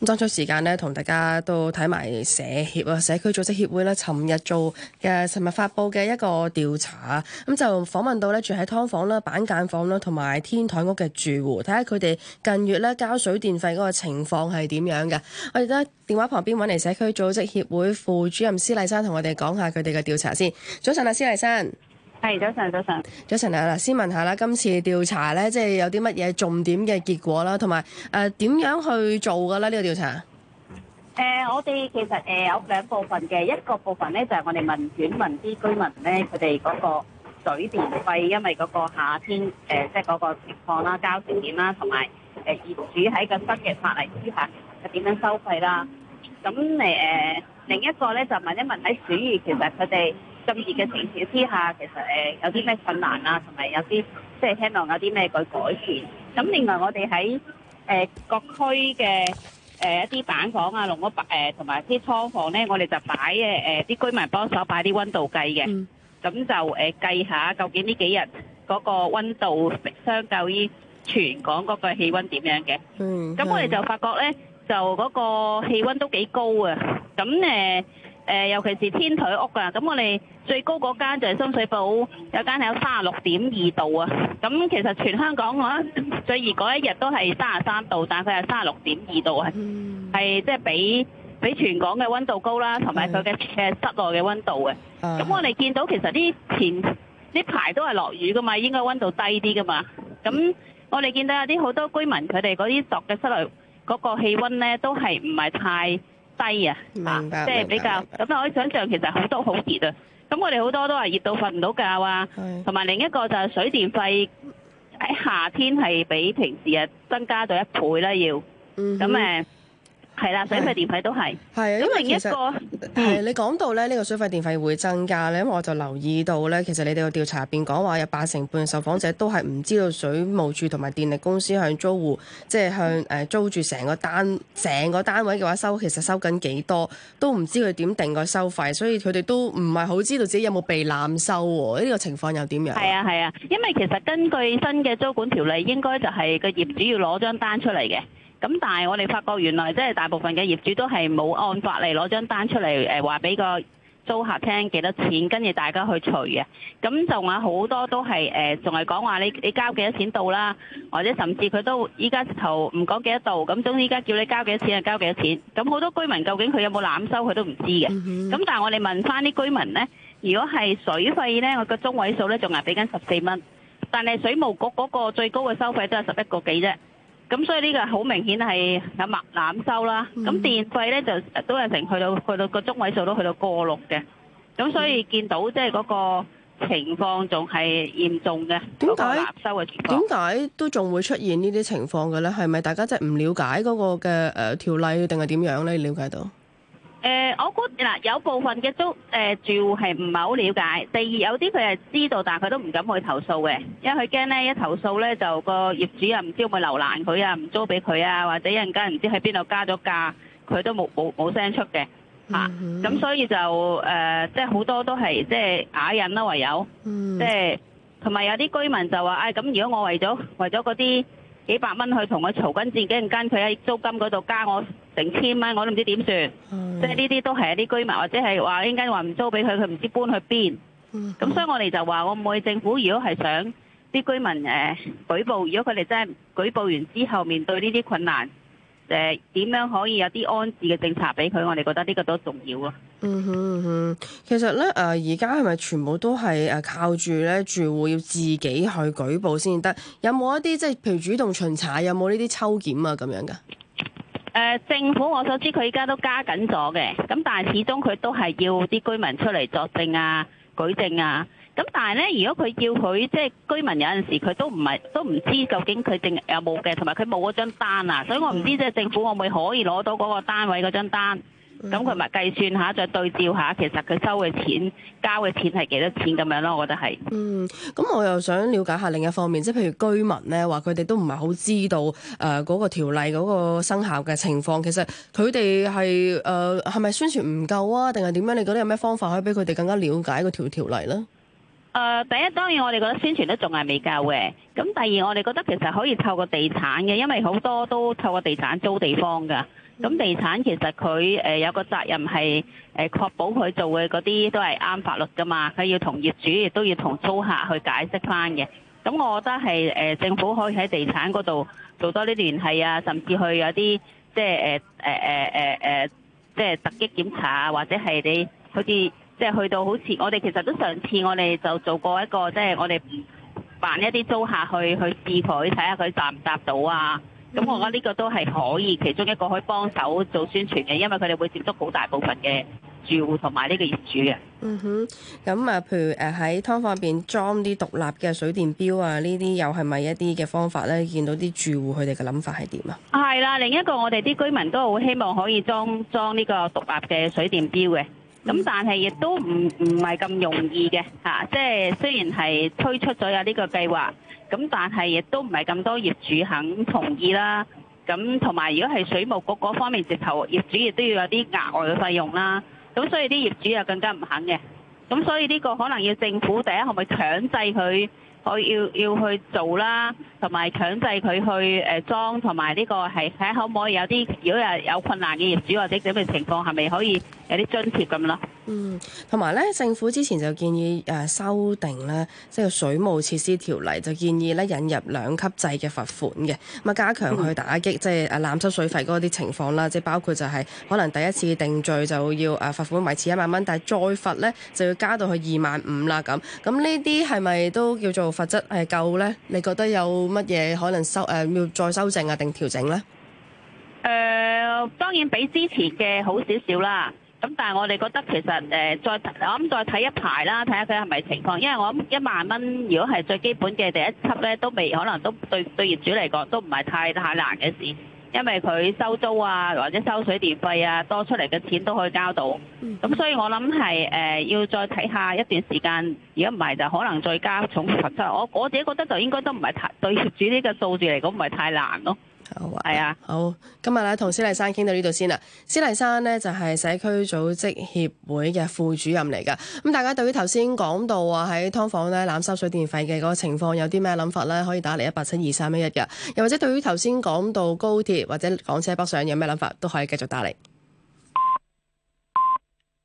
咁爭取時間咧，同大家都睇埋社協啊、社區組織協會呢尋日做嘅、尋日發布嘅一個調查，咁就訪問到咧住喺劏房啦、板間房啦、同埋天台屋嘅住戶，睇下佢哋近月咧交水電費嗰個情況係點樣嘅。我哋咧電話旁邊搵嚟社區組織協會副主任施麗珊，同我哋講下佢哋嘅調查先。早晨啊，施麗珊。係早晨，早晨，早晨啊！嗱，先問下啦，今次調查咧，即係有啲乜嘢重點嘅結果啦，同埋誒點樣去做噶啦？呢、這個調查誒、呃，我哋其實誒、呃、有兩部分嘅，一個部分咧就係、是、我哋問卷問啲居民咧，佢哋嗰個水電費，因為嗰個夏天誒、呃，即係嗰個情況啦，交成點啦，同埋誒業主喺個新嘅法例之下，係點樣收費啦？咁誒誒，另一個咧就問一問喺暑熱，其實佢哋。咁熱嘅情況之下，其實誒有啲咩困難啊，同埋有啲即係希望有啲咩去改善。咁另外我哋喺誒各區嘅誒一啲板房啊、籠屋誒同埋啲倉房咧，我哋就擺嘅誒啲居民幫手擺啲温度計嘅。咁就誒計下究竟呢幾日嗰個温度相較於全港嗰個氣温點樣嘅？嗯。咁我哋就發覺咧，就嗰個氣温都幾高啊。咁誒。誒、呃，尤其是天台屋㗎，咁我哋最高嗰間就係深水埗，有間係有三啊六點二度啊，咁其實全香港我覺得最熱嗰一日都係三十三度，但佢係三啊六點二度係，係、嗯、即係比比全港嘅温度高啦，同埋佢嘅室內嘅温度嘅。咁、嗯、我哋見到其實啲前啲排都係落雨㗎嘛，應該温度低啲㗎嘛。咁我哋見到有啲好多居民佢哋嗰啲作嘅室內嗰個氣温咧都係唔係太。低啊，即係比較咁白可以想象，其實好多好熱啊。咁我哋好多都話熱到瞓唔到覺啊，同埋的另一個就係水電費喺夏天係比平時啊增加咗一倍啦，要咁誒。係啦，水費電費都係。係，因為其實係你講到咧，呢個水費電費會增加咧，我就留意到咧，其實你哋個調查入邊講話有八成半受訪者都係唔知道水務署同埋電力公司向租戶即係向誒租住成個單成個單位嘅話收，其實收緊幾多都唔知佢點定個收費，所以佢哋都唔係好知道自己有冇被濫收喎。呢、這個情況又點樣？係啊係啊，因為其實根據新嘅租管條例，應該就係個業主要攞張單出嚟嘅。咁但係我哋發覺原來即係大部分嘅業主都係冇按法例攞張單出嚟誒話俾個租客聽幾多錢，跟住大家去除嘅。咁仲有好多都係誒，仲係講話你你交幾多錢到啦，或者甚至佢都依家頭唔講幾多度咁，總之依家叫你交幾多錢就交幾多錢。咁好多居民究竟佢有冇濫收，佢都唔知嘅。咁、hmm. 但係我哋問翻啲居民呢，如果係水費呢，我個中位數呢，仲係俾緊十四蚊，但係水務局嗰個最高嘅收費都係十一個幾啫。咁所以呢個好明顯係有濫收啦，咁電費咧就都係成去到去到個中位數都去到過六嘅，咁所以見到即係嗰個情況仲係嚴重嘅。點解嗰個濫收嘅情況，點解都仲會出現呢啲情況嘅咧？係咪大家即係唔了解嗰個嘅誒條例定係點樣咧？你了解到？誒、呃，我估嗱，有部分嘅租誒、呃、住戶係唔係好了解。第二，有啲佢係知道，但係佢都唔敢去投訴嘅，因為佢驚咧一投訴咧就個業主啊唔知會唔會留難佢啊，唔租俾佢啊，或者一陣間唔知喺邊度加咗價，佢都冇冇冇聲出嘅嚇。咁、啊 mm hmm. 所以就誒、呃，即係好多都係即係啞忍啦，唯有即係同埋有啲居民就話，唉、哎，咁如果我為咗為咗嗰啲幾百蚊去同佢嘈緊，自己陣間佢喺租金嗰度加我。成千蚊，我都唔知點算，即係呢啲都係一啲居民或者係話應該話唔租俾佢，佢唔知搬去邊。咁、嗯、哼所以我哋就話，我唔會政府。如果係想啲居民誒、呃、舉報，如果佢哋真係舉報完之後面對呢啲困難，誒、呃、點樣可以有啲安置嘅政策俾佢，我哋覺得呢個都重要咯、嗯。嗯哼，其實呢，誒、呃，而家係咪全部都係誒靠住呢住戶要自己去舉報先得？有冇一啲即係譬如主動巡查，有冇呢啲抽檢啊咁樣噶？誒、呃、政府我所知佢依家都加緊咗嘅，咁但係始終佢都係要啲居民出嚟作證啊、舉證啊，咁但係呢，如果佢叫佢即係居民有陣時佢都唔係都唔知究竟佢定有冇嘅，同埋佢冇嗰張單啊，所以我唔知即係政府會唔會可以攞到嗰個單位嗰張單。咁佢咪計算下，再對照下，其實佢收嘅錢、交嘅錢係幾多錢咁樣咯？我覺得係。嗯，咁我又想了解下另一方面，即係譬如居民咧，話佢哋都唔係好知道誒嗰、呃個條例嗰、個生效嘅情況。其實佢哋係誒係咪宣傳唔夠啊？定係點樣？你覺得有咩方法可以俾佢哋更加了解個條條例呢？誒、呃，第一當然我哋覺得宣傳都仲係未夠嘅。咁第二我哋覺得其實可以透過地產嘅，因為好多都透過地產租地方㗎。咁地產其實佢誒有個責任係誒確保佢做嘅嗰啲都係啱法律噶嘛，佢要同業主亦都要同租客去解釋翻嘅。咁我覺得係誒政府可以喺地產嗰度做多啲聯繫啊，甚至去有啲即係誒誒誒即係突擊檢查啊，或者係你好似即係去到好似我哋其實都上次我哋就做過一個即係、就是、我哋扮一啲租客去去試佢，睇下佢答唔答到啊？咁、嗯、我覺得呢個都係可以，其中一個可以幫手做宣傳嘅，因為佢哋會接觸好大部分嘅住戶同埋呢個業主嘅。嗯哼。咁啊，譬如誒喺劏房入邊裝啲獨立嘅水電表啊，呢啲又係咪一啲嘅方法咧？見到啲住戶佢哋嘅諗法係點啊？係啦，另一個我哋啲居民都好希望可以裝裝呢個獨立嘅水電表嘅。咁但係亦都唔唔係咁容易嘅嚇，即、啊、係、即係、雖然係推出咗有呢個計劃。咁但係亦都唔係咁多業主肯同意啦。咁同埋如果係水務局嗰方面直頭，業主亦都要有啲額外嘅費用啦。咁所以啲業主又更加唔肯嘅。咁所以呢個可能要政府第一，係咪強制佢？我要要去做啦，同埋強制佢去誒、啊、裝，同埋呢個係睇可唔可以有啲，如果有困難嘅業主或者咁嘅情況，係咪可以有啲津貼咁咯？嗯，同埋咧，政府之前就建議誒修訂啦，即係水務設施條例，就建議咧引入兩級制嘅罰款嘅，咁啊加強去打擊、嗯、即係啊濫收水費嗰啲情況啦，即係包括就係可能第一次定罪就要誒罰款維持一萬蚊，但係再罰咧就要加到去二萬五啦咁。咁呢啲係咪都叫做？罰則係夠咧，你覺得有乜嘢可能修誒要再修正啊定調整咧？誒，當然比之前嘅好少少啦。咁但係我哋覺得其實誒再我諗再睇一排啦，睇下佢係咪情況。因為我諗一萬蚊如果係最基本嘅第一級咧，都未可能都對對業主嚟講都唔係太太難嘅事。因為佢收租啊，或者收水電費啊，多出嚟嘅錢都可以交到。咁所以我諗係誒要再睇下一段時間，如果唔係就可能再加重罰則。我我自己覺得就應該都唔係太對業主呢個數字嚟講唔係太難咯。好，哦，啊，好，今日咧同施麗珊傾到呢度先啦。施麗珊呢，就係、是、社區組織協會嘅副主任嚟㗎。咁，嗯、大家對於頭先講到啊喺劏房咧濫收水電費嘅嗰個情況，有啲咩諗法呢？可以打嚟一八七二三一一嘅。又或者對於頭先講到高鐵或者港車北上有咩諗法，都可以繼續打嚟。